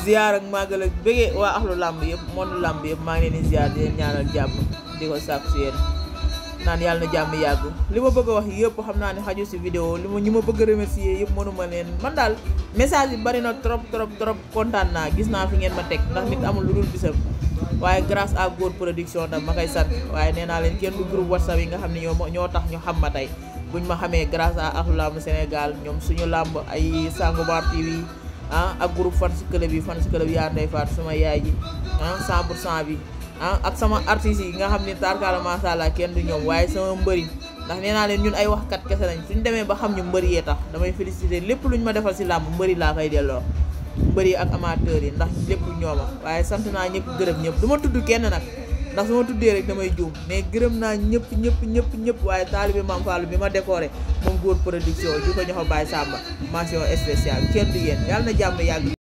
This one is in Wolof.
ziar ak magal ak bege wa axlu lamb yeb monu lamb yeb ma ngi ni di ziar di ñaanal jamm di ko sax ci yeen naan yalla na jamm bëgg wax yeb xam xaju si vidéo limu ñuma bëgg remercier yeb monu ma leen man dal message bari na trop trop trop content na gis na fi ngeen ma tek ndax nit amul lu dul bisam waaye grâce à góor production da ma kay sant waye nee naa leen kenn du groupe whatsapp yi nga xamni ñoo ñoo tax ñu xam ma tay buñ ma xamé grâce à Sénégal ñom suñu lamb ay bar TV ah ak groupe fans club yi fans club yaa ndey faat sama yaay ji ah bi ah ak sama artistes yi nga xam ne tarkaala macha allah kenn du ñoom waaye sama mbëri ndax nee naa leen ñun ay waxkat kese lañ ñu demee ba xam ñu mbër yee tax damay félicité lépp lu luñ ma defal si làmb mbëri laa koy delloo mbëri ak amateurs yi ndax lépp ñooma waaye sant naa ñëpp gërëm ñëpp du ma tudd kenn nag ndax su ma tuddee rek damay juum mais gërëm naa ñëpp ñëpp ñëpp ñëpp waaye taalibe Maam Fallu bi ma décoré moom góor production ju ko ñoxo Baye Samba mention spéciale kenn du yéen yàlla na jàmm yàgg